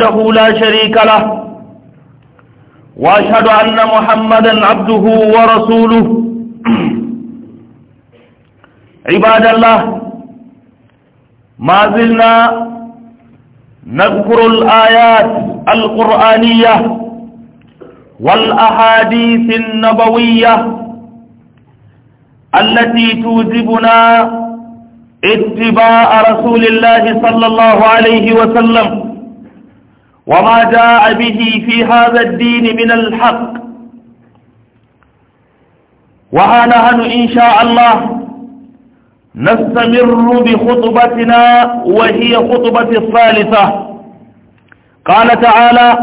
وحده لا شريك له وأشهد أن محمدا عبده ورسوله عباد الله ما زلنا نذكر الآيات القرآنية والأحاديث النبوية التي توجبنا اتباع رسول الله صلى الله عليه وسلم وما جاء به في هذا الدين من الحق وها نحن إن شاء الله نستمر بخطبتنا وهي خطبة الثالثة قال تعالى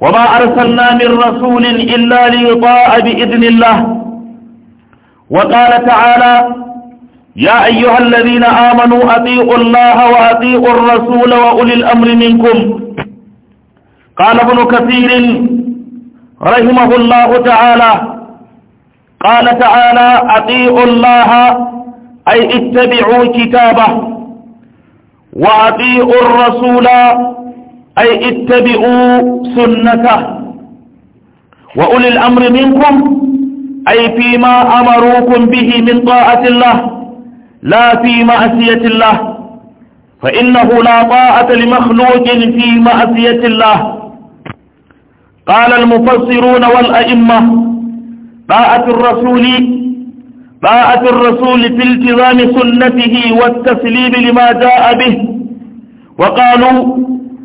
وما أرسلنا من رسول إلا ليطاع بإذن الله وقال تعالى يا أيها الذين آمنوا أطيعوا الله وأطيعوا الرسول وأولي الأمر منكم قال ابن كثير رحمه الله تعالى قال تعالى اطيعوا الله أي اتبعوا كتابه وأطيعوا الرسول أي اتبعوا سنته وأولي الأمر منكم أي فيما أمروكم به من طاعة الله لا في معصية الله فإنه لا طاعة لمخلوق في معصية الله قال المفسرون والأئمة باعه الرسول باعه الرسول في التزام سنته والتسليم لما جاء به وقالوا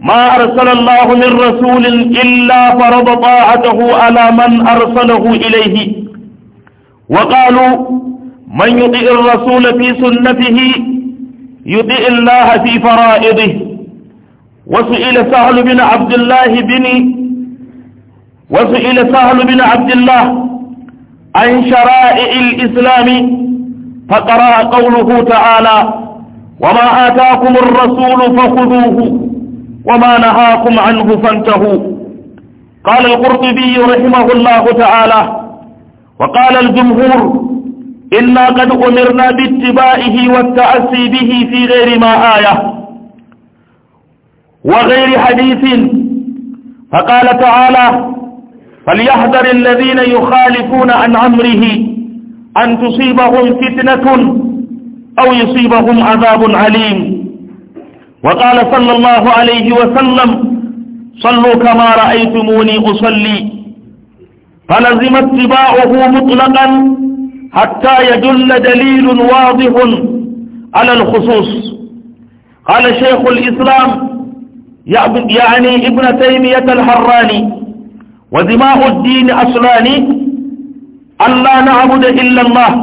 ما أرسل الله من رسول إلا فرض طاعته على من أرسله إليه وقالوا من يطيع الرسول في سنته يطيع الله في فرائضه وسئل سهل بن عبد الله بن وسئل سهل بن عبد الله عن شرائع الإسلام فقرأ قوله تعالى وما آتاكم الرسول فخذوه وما نهاكم عنه فانتهوا قال القرطبي رحمه الله تعالى وقال الجمهور إنا قد أمرنا باتباعه والتأسي به في غير ما آية وغير حديث فقال تعالى فليحذر الذين يخالفون عن أمره أن تصيبهم فتنة أو يصيبهم عذاب عليم وقال صلى الله عليه وسلم صلوا كما رأيتموني أصلي فلزم اتباعه مطلقا حتى يدل دليل واضح على الخصوص قال شيخ الإسلام يعني ابن تيمية الحراني ودماء الدين أصلان أن لا نعبد إلا الله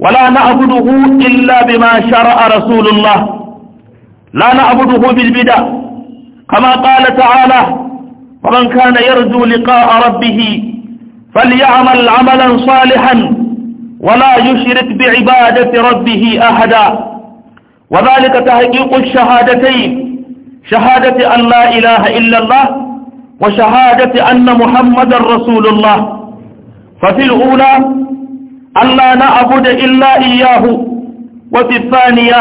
ولا نعبده إلا بما شرع رسول الله لا نعبده بالبدع كما قال تعالى ومن كان يرجو لقاء ربه فليعمل عملا صالحا ولا يشرك بعبادة ربه أحدا وذلك تحقيق الشهادتين شهادة أن لا إله إلا الله وشهادة أن محمد رسول الله ففي الأولى أن لا نعبد إلا إياه وفي الثانية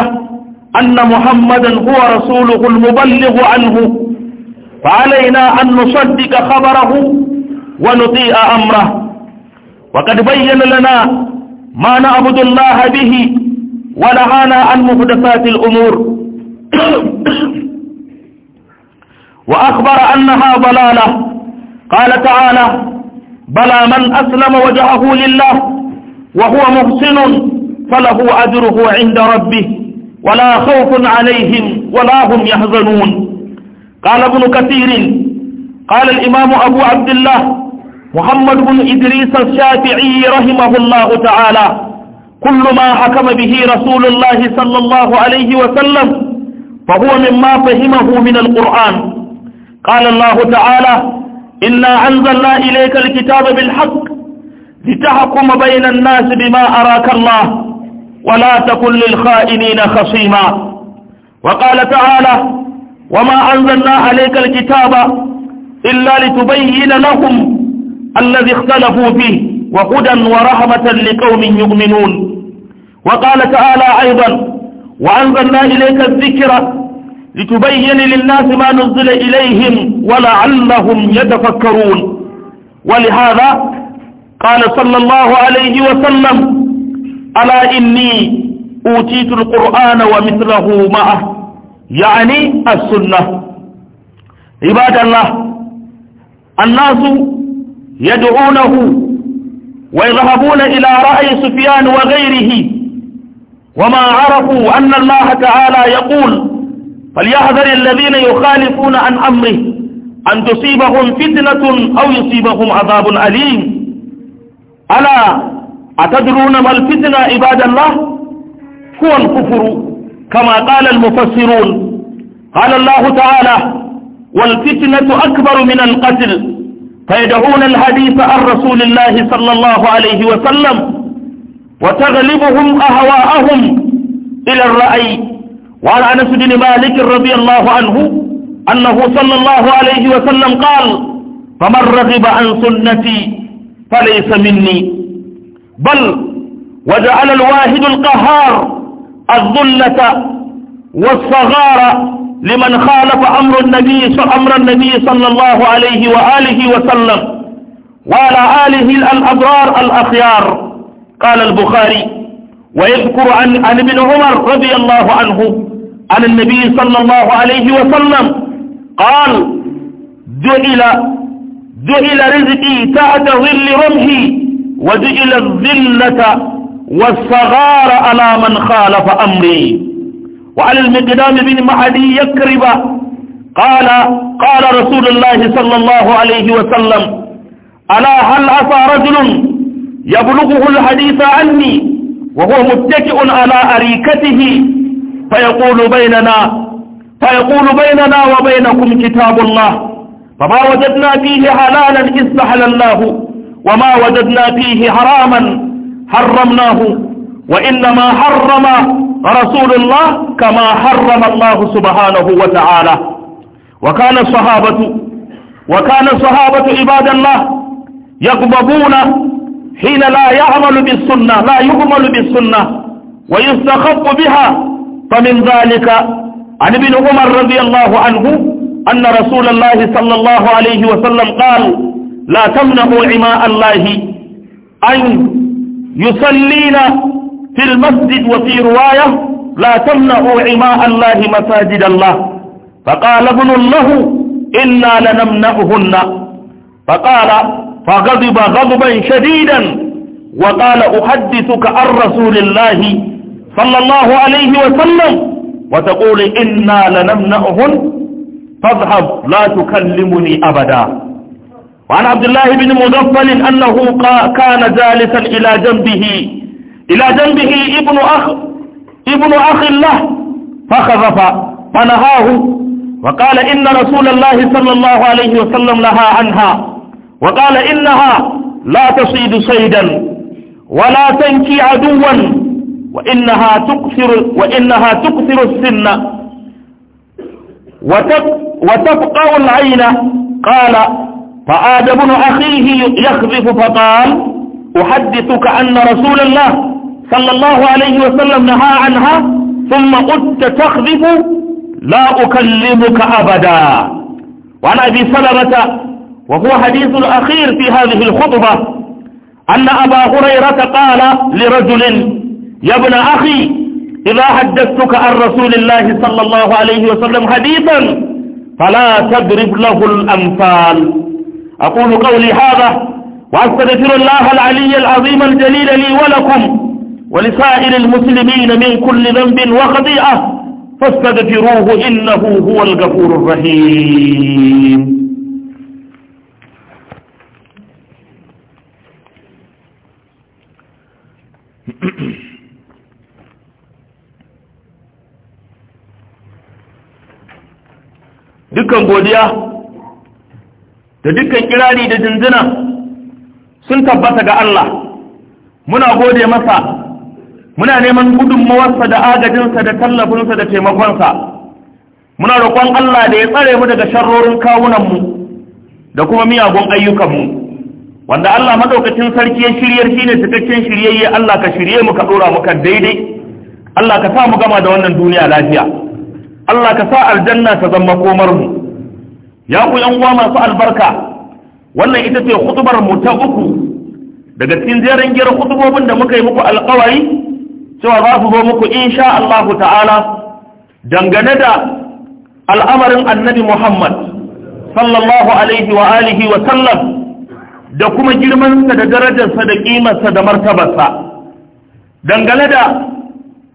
أن محمدا هو رسوله المبلغ عنه فعلينا أن نصدق خبره ونطيع أمره وقد بين لنا ما نعبد الله به ونهانا عن محدثات الأمور وأخبر أنها ضلالة قال تعالى بلى من أسلم وجهه لله وهو محسن فله أجره عند ربه ولا خوف عليهم ولا هم يحزنون قال ابن كثير قال الإمام أبو عبد الله محمد بن إدريس الشافعي رحمه الله تعالى كل ما حكم به رسول الله صلى الله عليه وسلم فهو مما فهمه من القرآن قال الله تعالى إنا أنزلنا إليك الكتاب بالحق لتحكم بين الناس بما أراك الله ولا تكن للخائنين خصيما وقال تعالى وما أنزلنا عليك الكتاب إلا لتبين لهم الذي اختلفوا فيه وهدى ورحمة لقوم يؤمنون وقال تعالى أيضا وأنزلنا إليك الذكر لتبين للناس ما نزل إليهم ولعلهم يتفكرون ولهذا قال صلى الله عليه وسلم ألا إني أوتيت القرآن ومثله معه يعني السنة عباد الله الناس يدعونه ويذهبون إلى رأي سفيان وغيره وما عرفوا أن الله تعالى يقول فليحذر الذين يخالفون عن أمره أن تصيبهم فتنة أو يصيبهم عذاب أليم ألا أتدرون ما الفتنة عباد الله هو الكفر كما قال المفسرون قال الله تعالى والفتنة أكبر من القتل فيدعون الحديث عن رسول الله صلى الله عليه وسلم وتغلبهم أهواءهم إلى الرأي وعن أنس بن مالك رضي الله عنه أنه صلى الله عليه وسلم قال فمن رغب عن سنتي فليس مني بل وجعل الواحد القهار الذلة والصغار لمن خالف أمر النبي أمر النبي صلى الله عليه وآله وسلم وعلى آله الأبرار الأخيار قال البخاري ويذكر عن, عن ابن عمر رضي الله عنه عن النبي صلى الله عليه وسلم قال جعل جعل رزقي تحت ظل رمحي وجعل الذلة والصغار على من خالف أمري وعلى المقدام بن معدي يكرب قال قال رسول الله صلى الله عليه وسلم ألا هل عصى رجل يبلغه الحديث عني وهو متكئ على أريكته فيقول بيننا فيقول بيننا وبينكم كتاب الله فما وجدنا فيه حلالا الله وما وجدنا فيه حراما حرمناه وإنما حرم رسول الله كما حرم الله سبحانه وتعالى وكان الصحابة وكان الصحابة عباد الله يقبضون حين لا يعمل بالسنة لا يعمل بالسنة ويستخف بها فمن ذلك عن ابن عمر رضي الله عنه أن رسول الله صلى الله عليه وسلم قال لا تمنعوا عماء الله أن يصلينا في المسجد وفي رواية لا تمنعوا عماء الله مساجد الله فقال ابن الله إنا لنمنعهن فقال فغضب غضبا شديدا وقال أحدثك عن رسول الله صلى الله عليه وسلم وتقول إنا لنمنعهن فاذهب لا تكلمني أبدا وعن عبد الله بن مغفل أنه كان جالسا إلى جنبه إلى جنبه ابن أخ ابن أخ له فخذف فنهاه وقال إن رسول الله صلى الله عليه وسلم لها عنها وقال إنها لا تصيد صيدا ولا تنكي عدوا وإنها تكثر وإنها تكثر السن وتبقى العين قال فآد بن أخيه يخذف فقال أحدثك أن رسول الله صلى الله عليه وسلم نهى عنها ثم قلت تخذف لا أكلمك أبدا وعن أبي سلمة وهو حديث الأخير في هذه الخطبة أن أبا هريرة قال لرجل يا ابن أخي إذا حدثتك عن رسول الله صلى الله عليه وسلم حديثا فلا تضرب له الأمثال أقول قولي هذا وأستغفر الله العلي العظيم الجليل لي ولكم ولسائر المسلمين من كل ذنب وخطيئة فاستغفروه إنه هو الغفور الرحيم Mm-hmm. dukkan godiya da dukkan kirari da jinjina sun tabbata ga Allah muna gode masa muna neman gudunmawarsa da agajinsa da tallafinsa da taimakonsa muna roƙon Allah da ya tsare mu daga sharrorin kawunanmu da kuma miyagun ayyukanmu wanda Allah maɗaukacin sarki ya shirye shi ne cikakken shiryayye Allah ka shirye mu ka ɗora mu kan daidai Allah ka sa mu gama da wannan duniya lafiya Allah ka sa aljanna ta zama komar mu ya ku yan uwa masu albarka wannan ita ce hutubar mu ta uku daga cikin jerin giyar hutubobin da muka yi muku alkawari cewa za su zo muku insha Allah ta'ala dangane da al'amarin annabi Muhammad sallallahu alaihi wa alihi wa sallam da kuma girmansa da darajarsa da ƙimarsa da martabarsa dangane da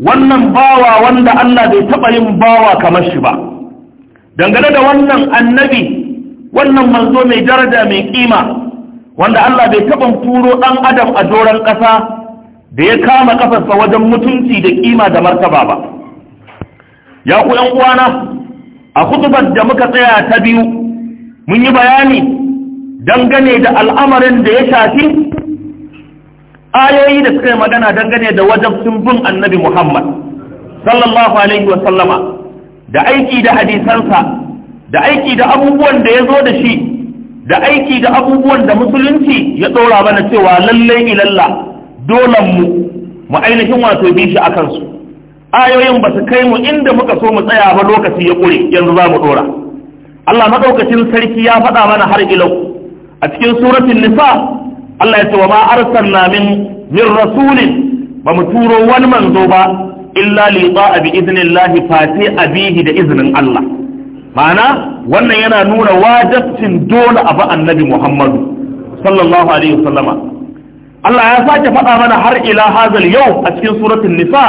wannan bawa wanda Allah bai taɓa yin bawa kamar shi ba dangane da wannan annabi wannan manzo mai daraja mai kima wanda Allah bai taɓa turo ɗan adam a doron ƙasa da ya kama ƙafarsa wajen mutunci da kima da martaba ba ya ku ‘yan uwana a kutubar da muka tsaya ta biyu mun yi bayani dangane da al'amarin da ya shafi ayoyi da suka yi magana dangane da wajabcin bin annabi Muhammad sallallahu alaihi wa sallama da aiki da hadisansa da aiki da abubuwan da ya zo da shi da aiki da abubuwan da musulunci ya ɗora mana cewa lallai ilalla dolan mu mu ainihin wato bi shi akan su ayoyin ba su kai mu inda muka so mu tsaya ba lokaci ya ƙure yanzu za mu ɗora Allah maɗaukacin sarki ya faɗa mana har ilau a cikin suratul nisa Allah ya ce wa ma arsalna min min rasulin ba mu turo wani manzo ba illa li ta'a bi idnillahi fati abihi da iznin Allah ma'ana wannan yana nuna wajibcin dole a ba annabi Muhammadu sallallahu alaihi wasallama Allah ya sake faɗa mana har ila hazal yau a cikin suratul nisa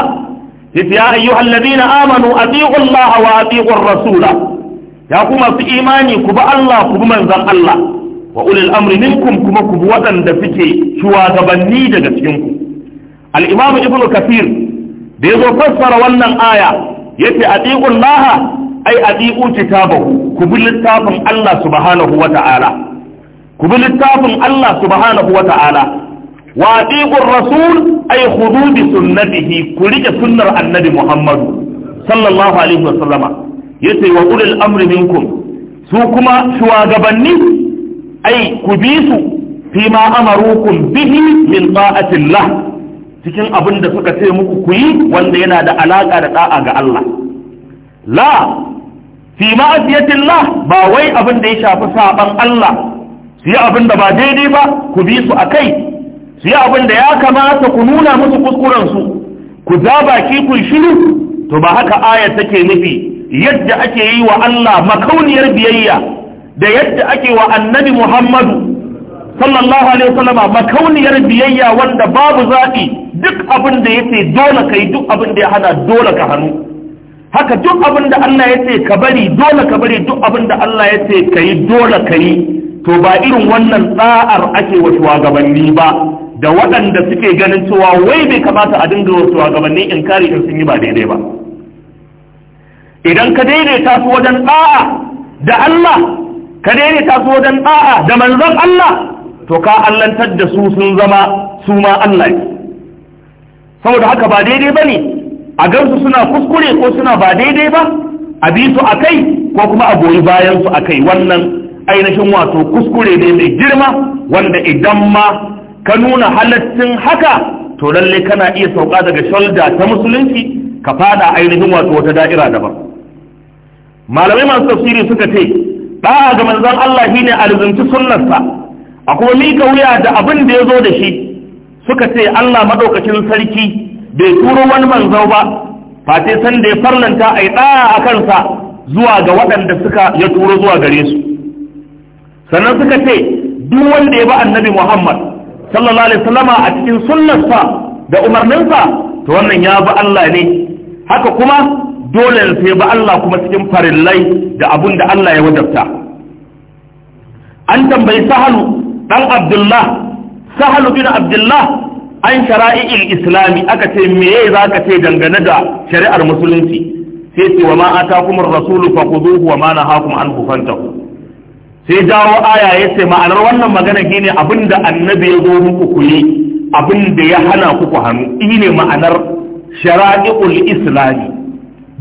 yace ya ayyuhal ladina amanu atiiqu Allah wa atiiqur rasula ya kuma su imani ku bi Allah ku bi manzon Allah wa ulil amri minkum kuma ku bi waɗanda suke shugabanni daga cikin ku al-imam ibnu kafir da yazo fassara wannan aya yace atiqul laha ai atiqu kitabahu ku bi littafin Allah subhanahu ta'ala, ku bi littafin Allah subhanahu wata'ala wa atiqur rasul ai khudu bi sunnatihi ku rike sunnar annabi Muhammadu sallallahu alaihi wasallama yace wa ulil amri minkum su kuma shugabanni ai ku bi su fi ma amarukum bihi min ta'atillah cikin abin da suka ce muku ku yi wanda yana da alaka da da'a ga Allah la fi ma'asiyatillah ba wai abin da ya shafi saban Allah su yi abin da ba daidai ba ku bi su akai su yi abin da ya kamata ku nuna musu kuskuren su ku za baki ku shiru to ba haka ayar take nufi yadda ake yi wa Allah makauniyar biyayya da yadda ake wa annabi Muhammadu sallallahu alaihi wasallam makauniyar biyayya wanda babu zaɓi duk abin da yace dole ka duk abin da ya hana dole ka hannu haka duk abin da Allah ya ka bari dole ka bari duk abin da Allah ya kai dole ka to ba irin wannan tsa'ar ake wa shugabanni ba da waɗanda suke ganin cewa wai bai kamata a dinga wa shugabanni in kare in sun yi ba daidai ba idan ka daidaita su wajen ɗa'a da Allah ka daina ta so dan da'a da manzon Allah to ka allantar da su sun zama su ma Allah ne saboda haka ba daidai bane a gansu suna kuskure ko suna ba daidai ba a bi su akai ko kuma a goyi bayan su akai wannan ainihin wato kuskure ne mai girma wanda idan ma ka nuna halattun haka to lalle kana iya sauka daga sholda ta musulunci ka fada ainihin wato wata da'ira daban malamai masu tafsiri suka ce da'a ga manzon Allah shine alzumci sunnarsa a kuma mika wuya da abin da ya zo da shi suka ce Allah madaukakin sarki bai turo wani manzo ba fate san da ya farlanta a yi ɗaya a kansa zuwa ga waɗanda suka ya turo zuwa gare su sannan suka ce duk wanda ya bi annabi Muhammad sallallahu alaihi wasallama a cikin sunnarsa da umarninsa to wannan ya bi Allah ne haka kuma dole sai ba Allah kuma cikin farillai da abun da Allah ya wadabta an tambayi sahalu ɗan abdullah sahalu bin abdullah an shara'i'il islami aka ce meye za ka ce dangane da shari'ar musulunci sai ce wa kuma atakum ar-rasulu fakhuduhu wa ma nahakum anhu fantahu sai jawo aya ya ce ma'anar wannan magana shine abinda annabi ya zo muku ku yi abinda ya hana ku ku hannu ine ma'anar shara'i'ul islami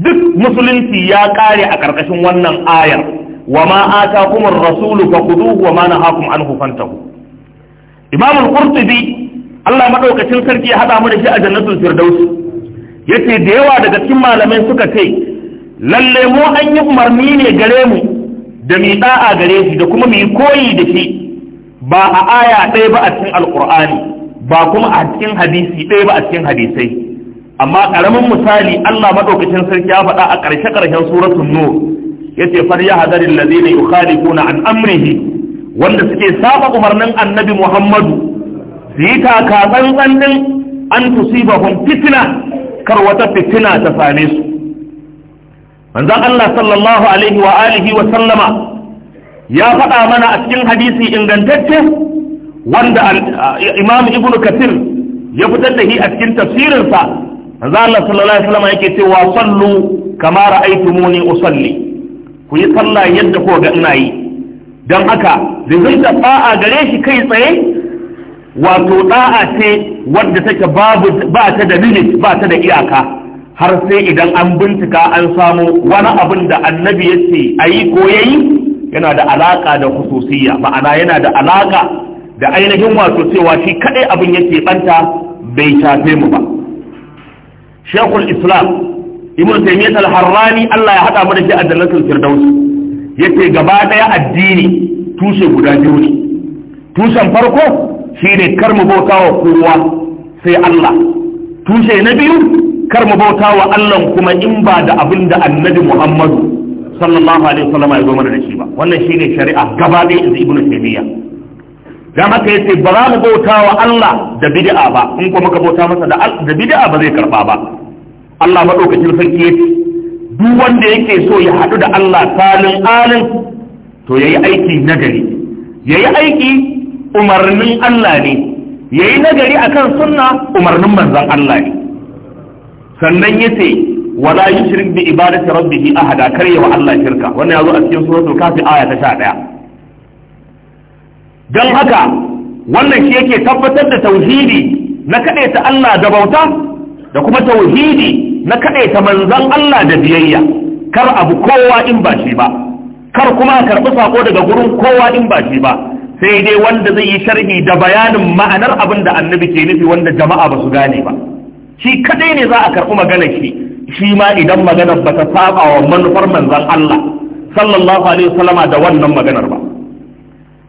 duk musulunci ya kare a karkashin wannan ayar wa ma atakum kuma rasulu fa kudu wa ma nahakum an fantahu imam al-qurtubi Allah maɗaukacin sarki ya hada mu da shi a jannatul firdaus yace da yawa daga cikin malamai suka ce lalle mu an yi umarni ne gare mu da mu da'a gare shi da kuma mu yi koyi da shi ba a aya ɗaya ba a cikin Alƙur'ani ba kuma a cikin hadisi ɗaya ba a cikin hadisai amma karamin misali Allah madaukakin sarki ya faɗa a ƙarshe ƙarshen suratul nur yace far ya hadari alladhina yukhalifuna an amrihi wanda suke saba umarnin annabi Muhammadu su yi taka tsantsan din an tusibahum fitna kar wata fitina ta same su manzon Allah sallallahu alaihi wa alihi wa sallama ya faɗa mana a cikin hadisi ingantacce wanda imam ibnu kathir ya fitar da shi a cikin tafsirinsa manzo Allah sallallahu alaihi wasallam yake cewa sallu kama ra'aytumuni usalli ku yi sallah yadda ko ga ina yi dan haka zai da fa'a gare shi kai tsaye wato da'a ce wadda take babu ba ta da limit ba ta da iyaka har sai idan an bincika an samu wani abin da annabi ya ce ayi ko yayi yana da alaka da khususiyya ma'ana yana da alaka da ainihin wato cewa shi kadai abin yake banta bai shafe mu ba shekul islam ibn taymiyyah al-harrani Allah ya hada mu da shi a jannatul firdaus yace gaba daya addini tushe guda biyu ne tushen farko shine kar mu bautawa kowa sai Allah tushe na biyu kar mu bautawa Allah kuma in ba da abinda annabi Muhammadu sallallahu alaihi wasallam ya zo mana da shi ba wannan shine shari'a gaba daya ibn taymiyyah dan haka yace ba za mu bauta wa Allah da bid'a ba in kuma ka bauta masa da da bid'a ba zai karba ba Allah madaukakin sarki yace duk wanda yake so ya hadu da Allah salin alin to yayi aiki nagari yayi aiki umarnin Allah ne yayi nagari akan sunna umarnin manzon Allah ne sannan yace wala yushrik bi ibadati rabbih ahada kar wa Allah shirka wannan yazo a cikin suratul kafi aya ta 11 don haka wannan shi yake tabbatar da tauhidi na kaɗaita Allah da bauta da kuma tauhidi na kaɗaita manzan Allah da biyayya kar abu kowa in ba shi ba kar kuma karɓi sako daga gurin kowa in ba shi ba sai dai wanda zai yi sharhi da bayanin ma'anar abin da annabi ke nufi wanda jama'a ba su gane ba shi kadai ne za a karɓi maganar shi shi ma idan maganar ba ta saba wa manufar manzan Allah sallallahu alaihi wasallama da wannan maganar ba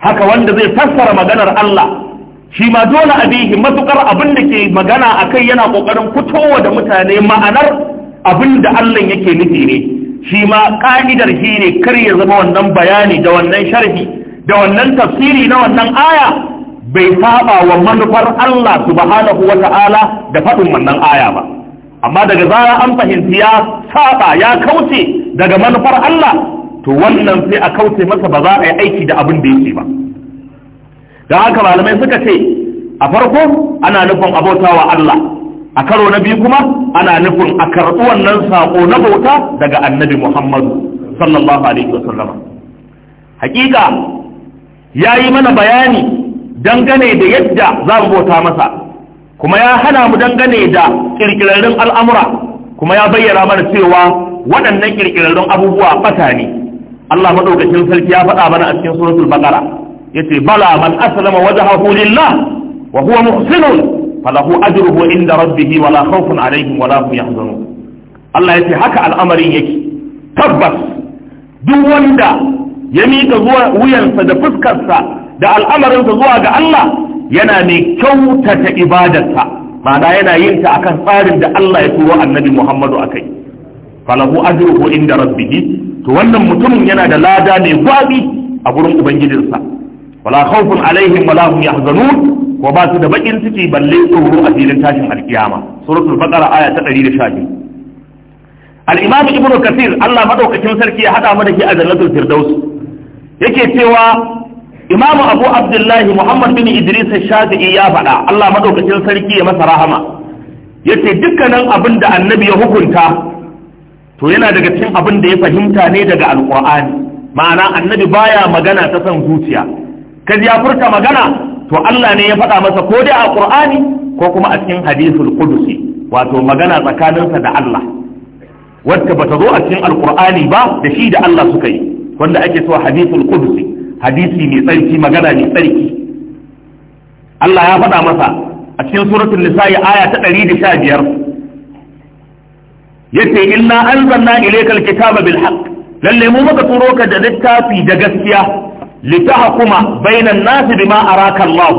haka wanda zai fassara maganar Allah shi ma dole a bihi matukar abin da ke magana a kai yana kokarin fitowa da mutane ma'anar abin da Allah yake nufi ne shi ma ka'idar shi ne kar ya zama wannan bayani da wannan sharhi da wannan tafsiri na wannan aya bai saba wa manufar Allah subhanahu wa ta'ala da faɗin wannan aya ba amma daga zara an fahimci ya saba ya kauce daga manufar Allah to wannan sai a kauce masa ba za a yi aiki da abin da yake ba don haka malamai suka ce a farko ana nufin wa Allah a karo na biyu kuma ana nufin a karɓi wannan saƙo na bauta daga annabi Muhammadu sallallahu alaihi wasallam hakika ya yi mana bayani dangane da yadda za mu bauta masa kuma ya hana mu dangane da ƙirƙirarrun al'amura kuma ya bayyana mana cewa waɗannan ƙirƙirarrun abubuwa ɓata ne Allah maɗaukacin sarki ya faɗa mana a cikin suratul baqara yace bala man aslama wajhahu lillah wa huwa muhsinun falahu ajruhu inda rabbih wala khawfun alaihim wala hum yahzanun Allah yace haka al'amarin yake tabbas duk wanda ya miƙa zuwa wuyansa da fuskarsa da al'amarinsa zuwa ga Allah yana mai kyautata ibadarsa ma'ana yana yin ta akan tsarin da Allah ya turo annabi Muhammadu akai falahu ajruhu inda rabbih to wannan mutumin yana da lada mai gwabi a gurin ubangijinsa wala khawfun alaihim wala hum yahzanun wa ba su da bakin ciki balle tsoro a filin tashin alkiyama suratul baqara aya ta 112 al-imam ibnu kathir Allah madaukakin sarki ya hada mu da shi a jannatul firdaus yake cewa imam abu abdullahi muhammad bin idris shafi'i ya faɗa Allah madaukakin sarki ya masa rahama yace dukkanin abin da annabi ya hukunta to yana daga cikin abin da ya fahimta ne daga Alƙur'ani? ma'ana annabi baya magana ta san zuciya kaji ya furta magana to Allah ne ya faɗa masa ko dai a ƙur'ani ko kuma a cikin hadisul qudusi wato magana tsakaninsa da Allah wadda bata zo a cikin Alƙur'ani ba da shi da Allah suka yi wanda ake so hadisul qudusi hadisi mai tsarki magana mai tsarki Allah ya faɗa masa a cikin suratul nisa'i aya ta 115 yace inna anzalna ilaykal kitaba bil haqq lalle mu muka turo ka da littafi da gaskiya litahkuma bainan nas bima araka Allah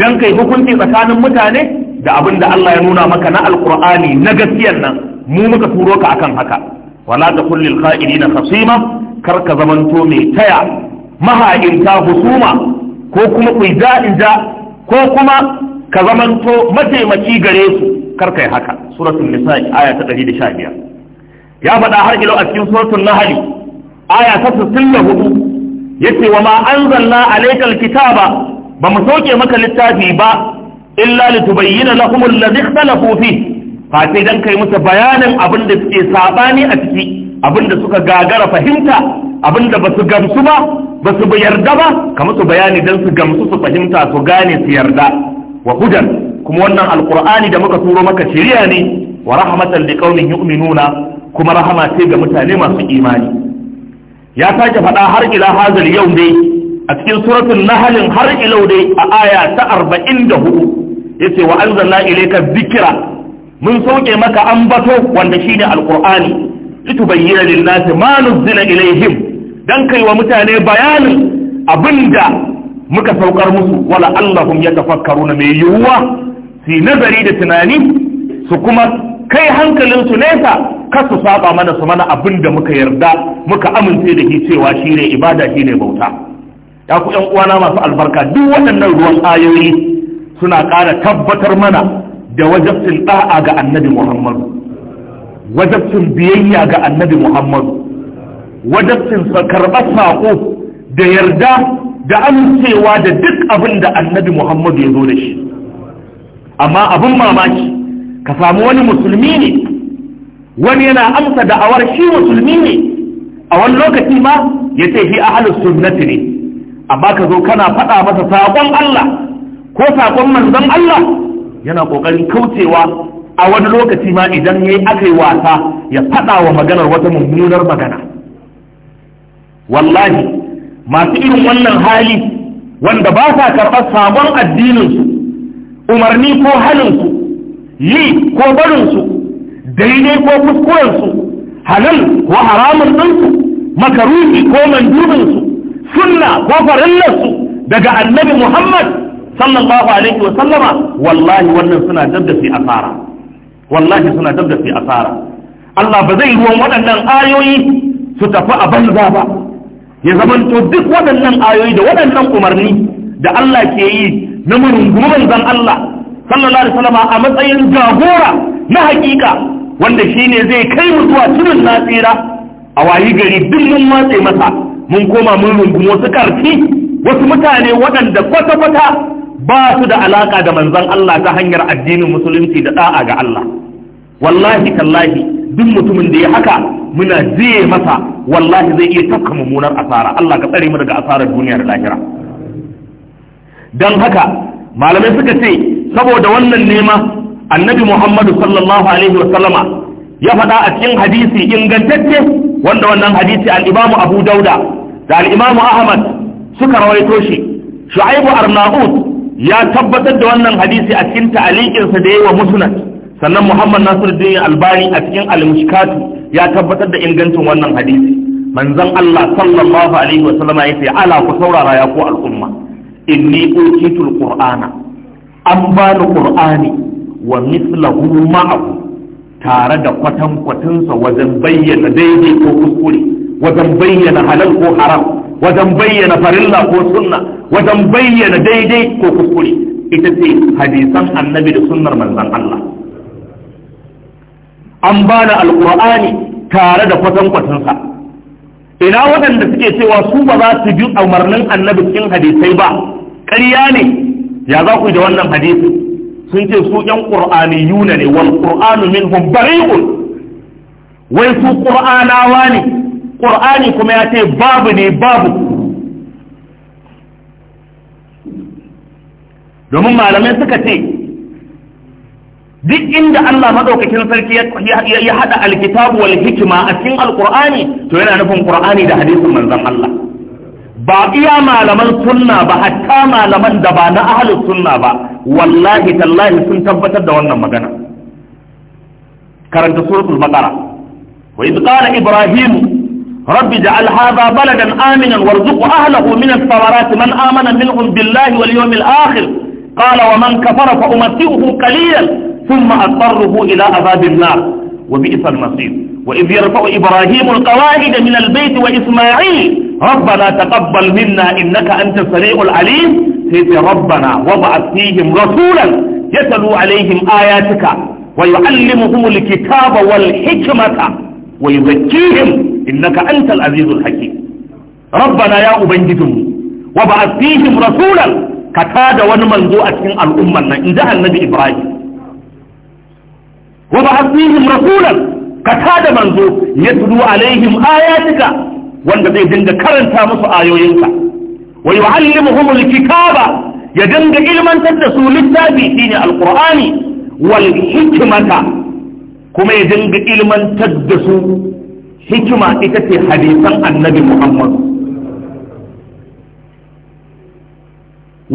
dan kai hukunci tsakanin mutane da abin da Allah ya nuna maka na alqur'ani na gaskiyar nan mu muka turo ka akan haka wala ta kullil kha'inina khasima kar ka zamanto mai taya maha'inta husuma ko kuma ku in ko kuma ka zamanto mataimaki gare su kar kai haka suratul nisa'i aya ta 115 ya faɗa har ilo a cikin suratul nahl aya ta 64 yace wa ma anzalna alaykal kitaba ba mu sauke maka littafi ba illa litubayyana lahum alladhi ikhtalafu fi fa sai dan kai musu bayanin abin da suke sabani a ciki abin da suka gagara fahimta abin da basu gamsu ba basu yarda ba ka su bayani dan su gamsu su fahimta su gane su yarda wa hudan kuma wannan alkur'ani da muka turo maka shiriya ne wa rahmatan liqaumin yu'minuna kuma rahama ce ga mutane masu imani ya sake faɗa har ila hazal yau dai a cikin suratul nahl har ila dai a aya ta 44 yace wa anzalna ilayka dhikra mun sauke maka ambato wanda shine alkur'ani litubayyana lin-nasi ma nuzila ilayhim dan kai wa mutane bayanin abinda muka saukar musu wala allahum yatafakkaruna mai yiwuwa su nazari da tunani su kuma kai hankalin su nesa kar su saba mana su mana abin da muka yarda muka amince da ke cewa shi ne ibada shi ne bauta ya ku yan uwana masu albarka duk waɗannan ruwan ayoyi suna ƙara tabbatar mana da wajabcin ɗa'a ga annabi muhammadu wajabcin biyayya ga annabi muhammadu wajabcin karɓar saƙo da yarda da amincewa da duk abin da annabi muhammadu ya zo da shi amma abin mamaki ka samu wani musulmi ne wani yana amsa da'awar shi musulmi ne a wani lokaci ma ya ce shi ahalus sunnati ne amma ka zo kana faɗa masa saƙon Allah ko saƙon manzon Allah yana ƙoƙarin kaucewa a wani lokaci ma idan yayi yi aka yi wasa ya faɗa wa maganar wata mummunar magana wallahi masu irin wannan hali wanda ba sa karɓar sabon addininsu umarni ko halinsu yi ko barinsu daidai ko kuskurensu halin ko haramun ɗinsu makaruhi ko mandubinsu sunna ko farillarsu daga annabi muhammad sallallahu alaihi wa sallama wallahi wannan suna dab fi asara wallahi suna fi asara Allah ba zai ruwan waɗannan ayoyi su tafi a banza ba ya zamanto duk waɗannan ayoyi da waɗannan umarni da Allah ke yi na murungumin manzan Allah sallallahu alaihi wasallam a matsayin jagora na hakika wanda shine zai kai mu zuwa tudun nasira a wayi gari duk mun matse masa mun koma mun rungumi wasu karfi wasu mutane waɗanda kwata-kwata ba su da alaka da manzon Allah ta hanyar addinin musulunci da da'a ga Allah wallahi tallahi duk mutumin da ya haka muna jiye masa wallahi zai iya tafka mummunar asara Allah ka tsare mu daga asarar duniya da lahira don haka malamai suka ce saboda wannan nema annabi muhammadu sallallahu alaihi wasallama ya faɗa a cikin hadisi ingantacce wanda wannan hadisi al'imamu abu dauda da al'imamu ahmad suka rawaito shi shu'aibu arnaut ya tabbatar da wannan hadisi a cikin ta'alikinsa da wa musnad sannan muhammad nasiruddin albani a cikin al-mushkatu ya tabbatar da ingancin wannan hadisi manzon Allah sallallahu alaihi wa sallama yace ala ku saurara ya ku al'umma inni utitul qur'ana an ba ni qur'ani wa mithlahu ma'ahu tare da kwatan kwatansa wajen bayyana daidai ko kuskure wajen bayyana halal ko haram wajen bayyana farilla ko sunna wajen bayyana daidai ko kuskure ita ce hadisan annabi da sunnar manzon Allah an bani alƙur'ani alqur'ani tare da kwatan kwatansa ina waɗanda suke cewa su ba za su bi umarnin annabi cikin hadisai ba ƙarya ne ya za ku da wannan hadisi sun ce su ƴan yuna ne wal qur'anu minhum bari'un wai su ƙur'anawa ne qur'ani kuma ya ce babu ne babu domin malamai suka ce duk inda Allah madaukakin sarki ya hada alkitabu wal hikma a cikin alqur'ani to yana nufin qur'ani da hadisin manzon Allah ba iya malaman sunna ba hatta malaman da ba na ahlus sunna ba wallahi tallahi sun tabbatar da wannan magana karanta suratul baqara wa idh qala ibrahim rabbi ja'al hadha baladan aminan warzuq ahlihi min ath-thamarati man amana minhum billahi wal yawmil akhir qala wa man kafara fa umatti'uhu qalilan ثم أضطره إلى عذاب النار وبئس المصير وإذ يرفع إبراهيم القواعد من البيت وإسماعيل ربنا تقبل منا إنك أنت السريع العليم سيدي ربنا وضعت فيهم رسولا يتلو عليهم آياتك ويعلمهم الكتاب والحكمة ويزكيهم إنك أنت العزيز الحكيم ربنا يا أبنجدهم وبعث فيهم رسولا كتاد ونمنذو أتين الأمة إن جاء النبي إبراهيم wa ba'athihim rasulan ka tada manzo yatlu alaihim ayatika wanda zai dinga karanta musu ayoyinka wa yu'allimuhum alkitaba ya dinga ilmantar da su littafi shine alqur'ani wal hikmata kuma ya dinga ilmantar da su hikima ita ce hadisan annabi muhammad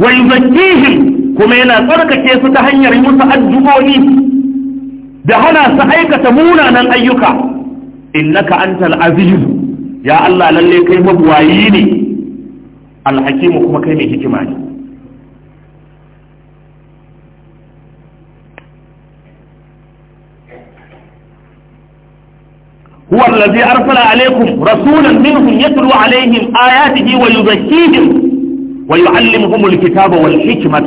wa yuzakkihim kuma yana tsarkake su ta hanyar musu addu'o'i da hana su aikata munanan ayyuka innaka antal aziz ya Allah lalle kai mabuwayi ne alhakimu kuma kai mai hikima ne هو الذي أرسل عليكم رسولا منهم يتلو عليهم آياته ويزكيهم ويعلمهم الكتاب والحكمة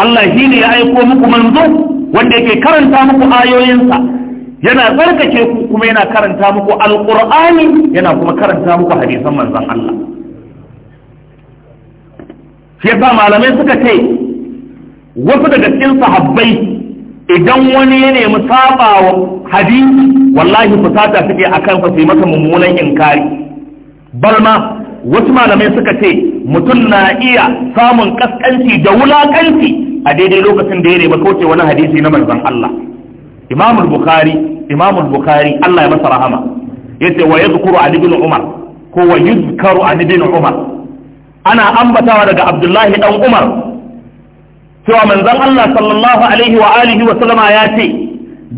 الله هنا يأيكو مكم منذ wanda yake karanta muku ayoyinsa yana tsarkake ku kuma yana karanta muku alqur'ani yana kuma karanta muku hadisan manzon Allah shi yasa malamai suka ce wasu daga cikin sahabbai idan wani ya nemi saba wa hadisi wallahi fusata suke akan fa sai masa mummunan inkari balma wasu malamai suka ce mutum na iya samun kaskanci da wulakanci a daidai lokacin da ya reba kauce wani hadisi na manzon Allah Imam al-Bukhari Imam al-Bukhari Allah ya masa rahama yace wa yadhkuru Ali ibn Umar ko wa yuzkaru Ali ibn Umar ana ambatawa daga Abdullahi dan Umar cewa manzon Allah sallallahu alaihi wa alihi wa sallama ya ce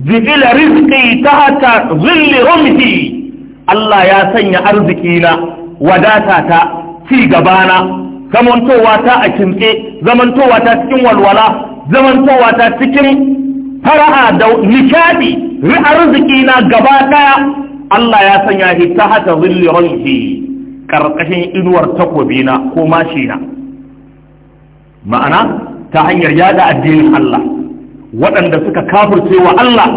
jibila rizqi tahta zilli rumti Allah ya sanya arziki na wadata ta ci gabana zamantowa ta a kimtse zamantowa ta cikin walwala zamantowa ta cikin fara'a da nishadi arziki na gaba daya Allah ya sanya shi ta hata zilli ranki karkashin inuwar takobina ko mashina ma'ana ta hanyar yada addinin Allah waɗanda suka kafurce wa Allah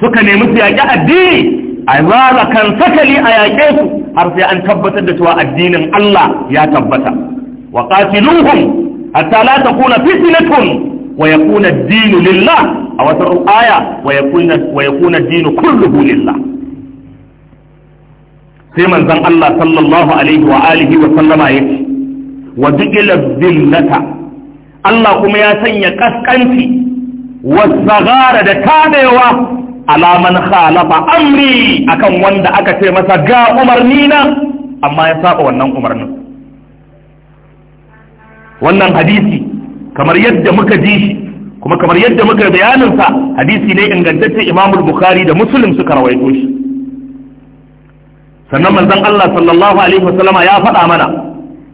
suka nemi su yaƙi addini a zara kan sakali a yaƙe su har sai an tabbatar da cewa addinin Allah ya tabbata wa qatiluhum hatta la takuna fitnatun wa yakuna ad-din lillah a wata aya wa yakuna wa yakuna ad-din kulluhu lillah sai manzon Allah sallallahu alaihi wa wa sallama yake wa duqila dhillata Allah kuma ya sanya kaskanci wasagara da tabewa alaman khalafa amri akan wanda aka ce masa ga umarni na amma ya saɓa wannan umarnin wannan hadisi kamar yadda muka ji shi kuma kamar yadda muka bayaninsa hadisi ne ingantacce imamul bukhari da muslim suka rawaito shi sannan manzon Allah sallallahu alaihi wasallama ya faɗa mana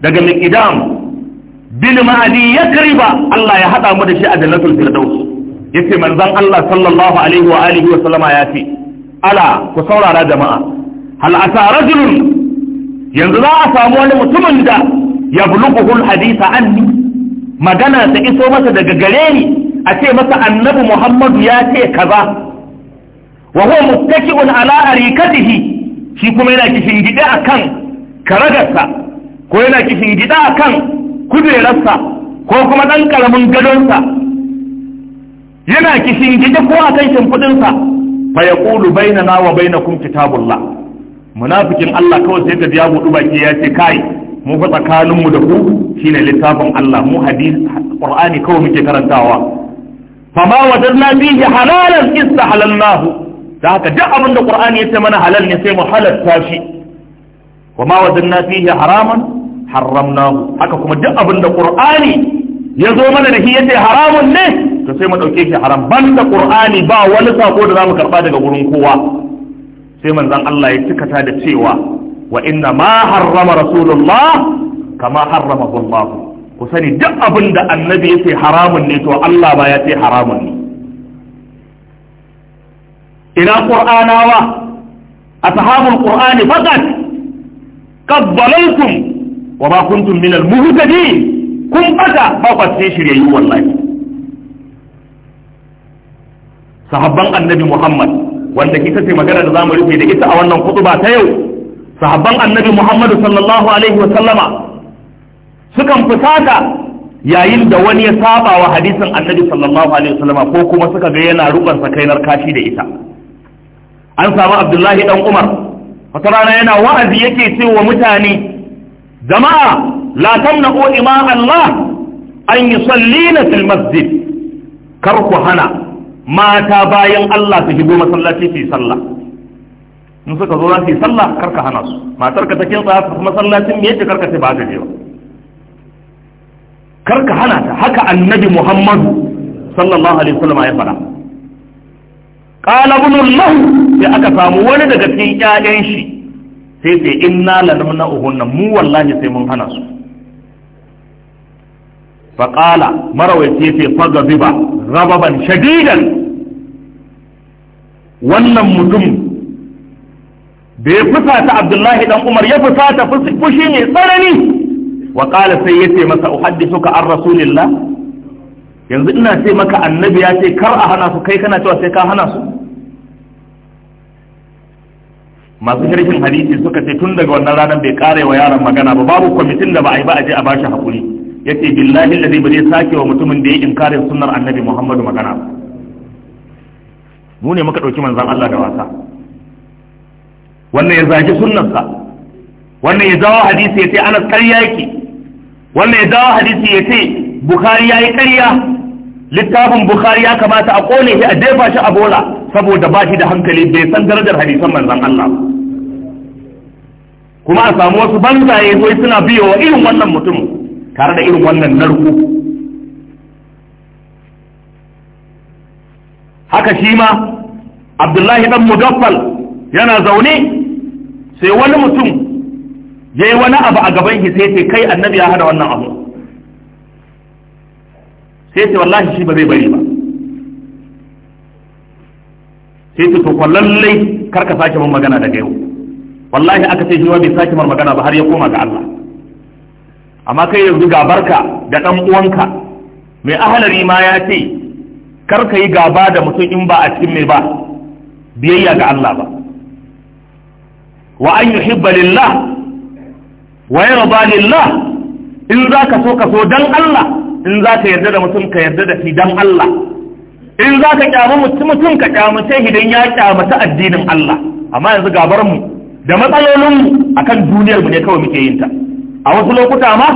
daga miqdam bin ma'adi ya kariba Allah ya haɗa mu da shi a jannatul firdaus yace manzon Allah sallallahu alaihi wa alihi wasallama ya ce ala ku saurara jama'a hal ata rajulun yanzu za a samu wani mutumin da yablughu alhadith anni magana ta iso masa daga gare ni a ce masa annabi Muhammadu ya ce kaza wa huwa muttaki'un ala arikatihi shi kuma yana kishin gida akan karagarsa ko yana kishin gida akan kujerarsa ko kuma dan karamin gadonsa yana kishin gida ko akan shimfidinsa fa yaqulu bainana wa bainakum kitabullah munafikin Allah kawai sai ka biya mu baki ya ce kai mu fa tsakaninmu da ku shine littafin Allah mu hadisi Qur'ani kawai muke karantawa fama wajadna fihi halalan istahlalnahu da haka duk abin da Qur'ani yace mana halal ne sai mu halatta shi wama wajadna fihi haraman harramnahu haka kuma duk abin da Qur'ani ya zo mana da shi yace haramun ne to sai mu dauke shi haram banda Qur'ani ba wani sako da zamu karba daga gurin kowa sai manzon Allah ya cika ta da cewa wa inna ma harrama rasulullah kama harrama Allah ku sani duk abin da annabi ya ce haramun ne to Allah ba ya ce haramun ne ina qur'anawa ashabul qur'ani faqat qabbalankum wa ma kuntum min al-muhtadin kun bata ba ku sai shiryayyu wallahi sahabban annabi Muhammad wanda kita ce magana da zamu rufe da ita a wannan kutuba ta yau sahabban annabi muhammadu sallallahu alaihi sallama sukan fusata yayin da wani ya saba wa hadisin annabi sallallahu alaihi ko kuma suka ga yana rubar sa kainar kashi da ita an samu abdullahi ɗan umar wata rana yana wa'azi yake cewa mutane jama'a la na imam allah an yusallina fil masjid kar ku hana mata bayan allah su shigo masallaci su yi sallah in suka zo za su yi sallah karka hana su matar ka ta kinsa su kuma sallacin me yake karka sai ba ta je ba karka hana ta haka annabi muhammadu sallallahu alaihi wasallam ya fara qala ibn allah sai aka samu wani daga cikin ƴaƴan shi sai sai inna lanamna uhunna mu wallahi sai mun hana su fa qala marawaici sai fagaziba rababan shadidan wannan mutum da fusata abdullahi dan umar ya fusata fushi ne tsanani wa kala sai yace masa uhaddithuka an rasulillah yanzu ina ce maka annabi ya ce kar a hana su kai kana cewa sai ka hana su masu shirkin hadisi suka ce tun daga wannan ranar bai kare wa yaran magana ba babu kwamitin da ba a yi ba a je a bashi hakuri yace billahi ladai ba zai sake wa mutumin da ya inkarin sunnar annabi muhammadu magana mu ne muka ɗauki manzan Allah da wasa wannan ya zaji sunnarsa wannan ya dawo hadisi ya ce anas karya yake wannan ya dawo hadisi ya ce bukhari ya yi karya littafin bukhari ya kamata a kone shi a jefa shi a bola saboda ba shi da hankali bai san darajar hadisan manzan Allah kuma a samu wasu banzaye wai suna biyowa irin wannan mutum tare da irin wannan narku. haka shi ma abdullahi dan mudaffal yana zaune sai wani mutum ya yi wani abu a gaban shi sai ce kai annabi ya hada wannan abu sai ce wallahi shi ba zai bari ba sai ce to ko lallai kar ka sake mun magana daga yau wallahi aka ce shi bai sake mun magana ba har ya koma ga Allah amma kai yanzu gabarka da dan uwanka mai ahalari ma ya ce kar ka yi gaba da mutum in ba a cikin mai ba biyayya ga Allah ba wa an hibba lillah wa raba lillah in ka so ka so dan Allah in za ka yarda da mutum ka yarda da shi dan Allah in ka kyamu mutum mutum ka kyamu sai hidan ya kyamata addinin Allah amma yanzu gabar mu da matsalolin mu akan duniyar mu ne kawai muke yin ta a wasu lokuta ma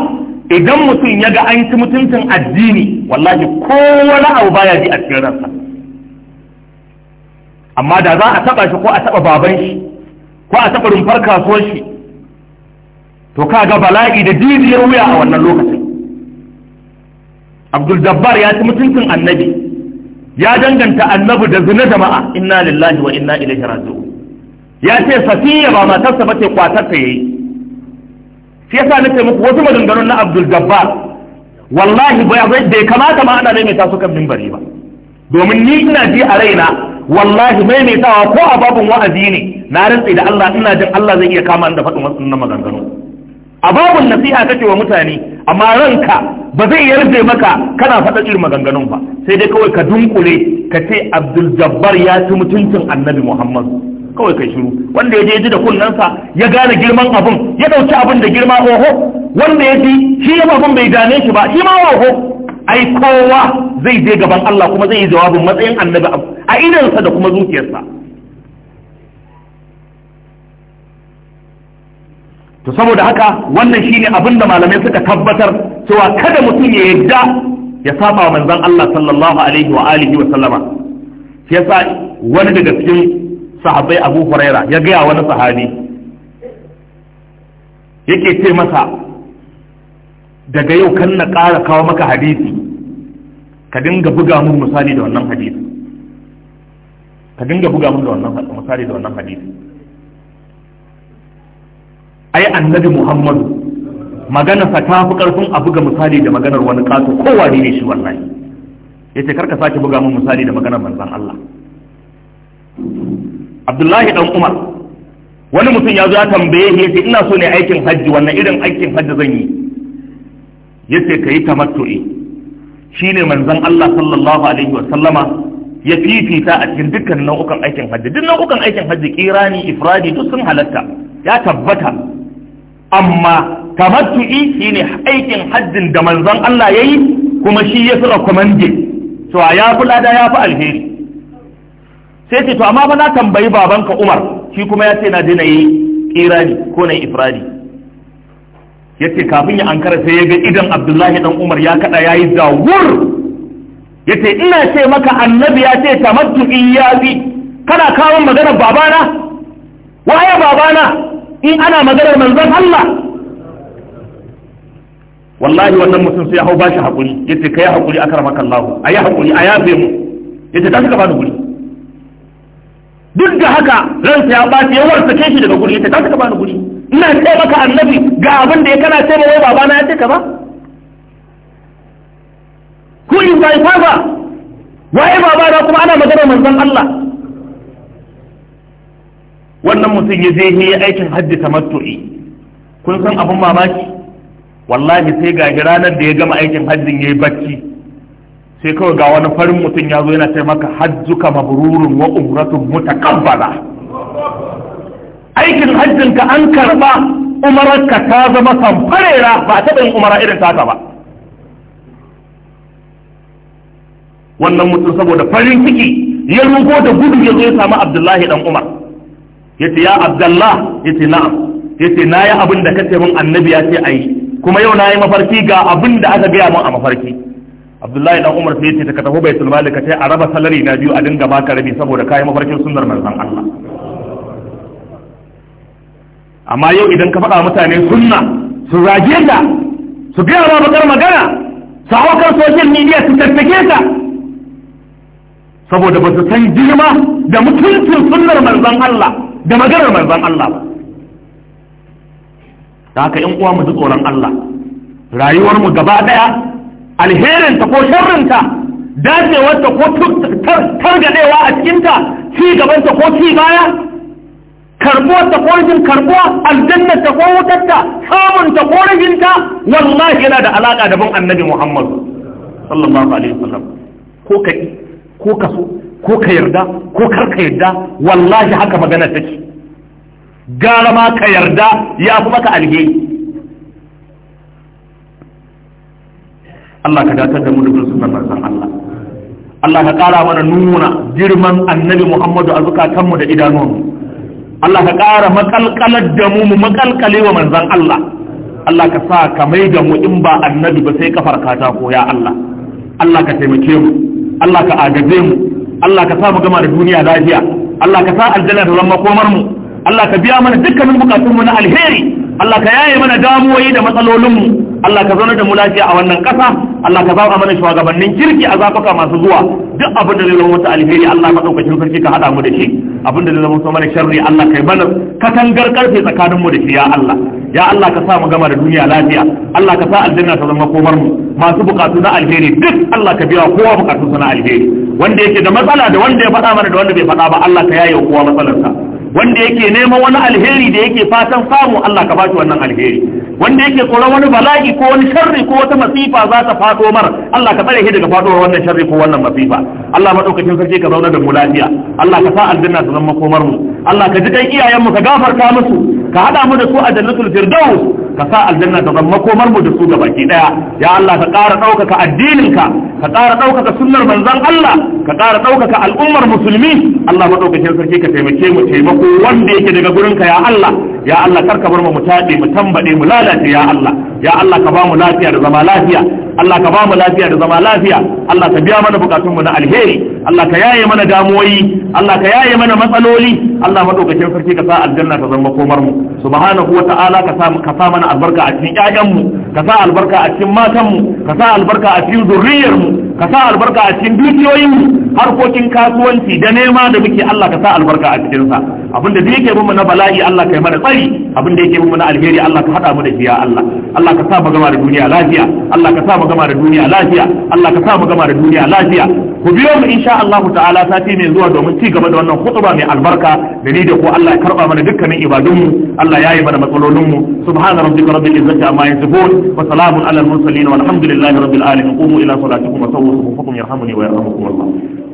idan mutum ya ga an ci mutuncin addini wallahi kowane abu baya ji a cikin ransa amma da za a taba shi ko a taba baban shi ko a taɓa rumfar kasuwar shi to kaga bala'i da didiyar wuya a wannan lokacin abdul dabbar ya ci mutuncin annabi ya danganta annabi da zina jama'a inna lillahi wa inna ilaihi raji'un ya ce safiya ba matarsa ba ce kwatarsa yayi shi yasa nake muku wasu maganganun na abdul dabbar wallahi bai kamata ma ana mai ta kan mimbari ba domin ni ina ji a raina wallahi maimaitawa ko a babin wa'azi ne na rantsi da Allah ina jin Allah zai iya kama da faɗin wasu nan maganganu a babin nasiha kake wa mutane amma ranka ba zai yarda maka kana faɗa irin maganganun ba sai dai kawai ka dunkule ka ce Abdul Jabbar ya ci mutuncin Annabi Muhammad kawai kai shiru wanda ya je ji da kunnansa ya gane girman abun ya ɗauki abun da girma oho wanda ya ji shi abin bai gane shi ba shi ma oho ai kowa zai je gaban Allah kuma zai yi jawabin matsayin annabi a idansa da kuma zuciyarsa to saboda haka wannan shine abin da malamai suka tabbatar cewa kada mutum ya yadda ya saba wa manzon Allah sallallahu alaihi wa alihi wa sallama shi yasa wani daga cikin sahabbai Abu Huraira ya ga wani sahabi yake ce masa daga yau kan na ƙara kawo maka hadisi ka dinga buga mun misali da wannan hadisi ka dinga buga mun da wannan misali da wannan hadisi ai annabi muhammadu magana sa ta fi karfin a buga misali da maganar wani kato kowa ne shi wallahi yace karka sake buga mun misali da maganar manzon Allah Abdullahi dan Umar wani mutum ya zo ya tambaye shi yace ina so ne aikin hajji wannan irin aikin hajji zan yi yace kai tamattu'i shine manzon Allah sallallahu alaihi wa sallama ya fifita a cikin dukkan nau'ukan aikin hajji duk nau'ukan aikin hajji kirani ifradi duk sun halatta ya tabbata amma tamattu'i shine aikin hajjin da manzon Allah yayi kuma shi ya fi recommended to ya fi lada ya fi alheri sai ce to amma fa na tambayi babanka Umar shi kuma ya ce na dina yi kirani ko na ifradi yace kafin ya ankara sai ya ga idan abdullahi dan umar ya kada yayi dawur yace ina ce maka annabi ya ce tamattu iyazi kana kawo maganar babana waye babana in ana maganar manzon Allah wallahi wannan mutum sai ya hau bashi hakuri yace kai hakuri akramaka Allah ayi hakuri a yafe mu yace ta suka bani guri duk da haka ransa ya bace ya warsa shi daga guri yace ta suka bani guri ina ce maka annabi ga abin da ya kana ce wai babana ya ce ka ba who is my ba waye babana kuma ana magana manzon Allah wannan mutum ya je ya aikin hajji tamattu'i kun san abin mamaki wallahi sai ga ranar da ya gama aikin hajjin ya yi bacci sai kawai ga wani farin mutum ya zo yana ce maka hajjuka mabrurun wa umratun mutakabbala aikin hajjinka an karba umararka ta zama samfarera ba a taɓa yin umara irin ta ba wannan mutum saboda farin ciki ya rugo da gudu ya zo ya samu abdullahi dan umar ya ce ya abdullah ya ce na'am ya ce na yi abin da kace min annabi ya ce a yi kuma yau na yi mafarki ga abin da aka gaya min a mafarki abdullahi dan umar sai ya ce ka tafi baitul mali ka ce a raba salari na biyu a dinga baka rabi saboda kayi mafarkin sunnar manzon allah amma yau idan ka faɗa mutane sunna su zage ka su gaya ma bakar magana su hau kan social media su tattake ka saboda ba su san girma da mutuncin sunnar manzon Allah da maganar manzon Allah ba ta haka in uwa mu ji tsoron Allah rayuwar mu gaba daya alherin ta ko sharrin ta dacewar ta ko targadewa a cikin ta ci gaban ta ko ci baya karbuwar ta korafin karbuwa aljanna ta ko wutarta samun ta ta wallahi yana da alaka da bin annabi muhammad sallallahu alaihi wasallam ko ka ko ka so ko ka yarda ko kar ka yarda wallahi haka magana take gara ma ka yarda ya fi maka alheri Allah ka dakatar da mu da sunan manzon Allah Allah ka kara mana nuna girman annabi Muhammadu a zukatanmu da idanuwanmu Allah ka ƙara makalkalar da mu mu makalkale wa manzan Allah Allah ka sa ka mai da mu in ba annabi ba sai kafar katako ya Allah Allah ka taimake mu Allah ka agaje mu Allah ka sa mu gama da duniya lafiya Allah ka sa aljanna da zama komar mu Allah ka biya mana dukkanin bukatun mu na alheri Allah ka yaye mana damuwoyi da matsalolin mu Allah ka zauna da mu lafiya a wannan ƙasa Allah ka zaba mana shugabannin kirki a zafuka masu zuwa duk abin da zai zama wata alheri Allah madaukakin sarki ka haɗa mu da shi abin da zama so mana sharri Allah kai mana katangar karfe tsakanin mu da shi ya Allah ya Allah ka sa mu gama da duniya lafiya Allah ka sa aljanna ta zama komar mu masu bukatu na alheri duk Allah ka biya kowa bukatu na alheri wanda yake da matsala da wanda ya faɗa mana da wanda bai faɗa ba Allah ka yaye kowa matsalarsa wanda yake neman wani alheri da yake fatan samu Allah ka bashi wannan alheri wanda yake tsoron wani bala'i ko wani sharri ko wata masifa za ta fado mar Allah ka tsare shi daga faduwar wannan sharri ko wannan masifa Allah madaukakin sarki ka zauna da mu lafiya Allah ka sa aljanna ta zama komar mu Allah ka ji kan iyayen mu ka gafarta musu ka hada mu da su a jannatul firdaus ka sa aljanna ta zama komar mu da su gabaki daya ya Allah ka ƙara ɗaukaka addinin ka ka ƙara ɗaukaka sunnar manzon Allah ka ƙara ɗaukaka al'ummar musulmi Allah madaukakin sarki ka taimake mu taimako wanda yake daga gurinka ya Allah ya Allah kar ka bar mu tabe mu tambade mu lalace ya Allah ya Allah ka ba mu lafiya da zama lafiya Allah ka ba mu lafiya da zama lafiya Allah ka biya mana bukatun mu na alheri Allah ka yaye mana damuwoyi Allah ka yaye mana matsaloli Allah madaukakin sarki ka sa aljanna ta zama komar mu subhanahu wa ta'ala ka sa ka sa mana albarka a cikin ƴaƴan mu ka sa albarka a cikin matan mu ka sa albarka a cikin zurriyar mu ka sa albarka a cikin dukiyoyin mu harkokin kasuwanci da nema da muke Allah ka sa albarka a cikin sa abin da yake mu na bala'i Allah ka yi mana tsari abin da yake mu na alheri Allah ka hada mu da shi ya Allah Allah ka sa mu gama da duniya lafiya Allah ka sa mu gama da duniya lafiya Allah ka sa mu gama da duniya lafiya ku biyo mu insha Allah ta'ala sati mai zuwa domin ci gaba da wannan khutba mai albarka da ni da ku Allah ya karba mana dukkanin ibadunmu Allah ya yi mana matsalolin mu subhana rabbika rabbil izzati amma yasifun wa salamun alal mursalin walhamdulillahi rabbil alamin qumu ila salatikum wa sawwu yarhamuni wa yarhamukum Allah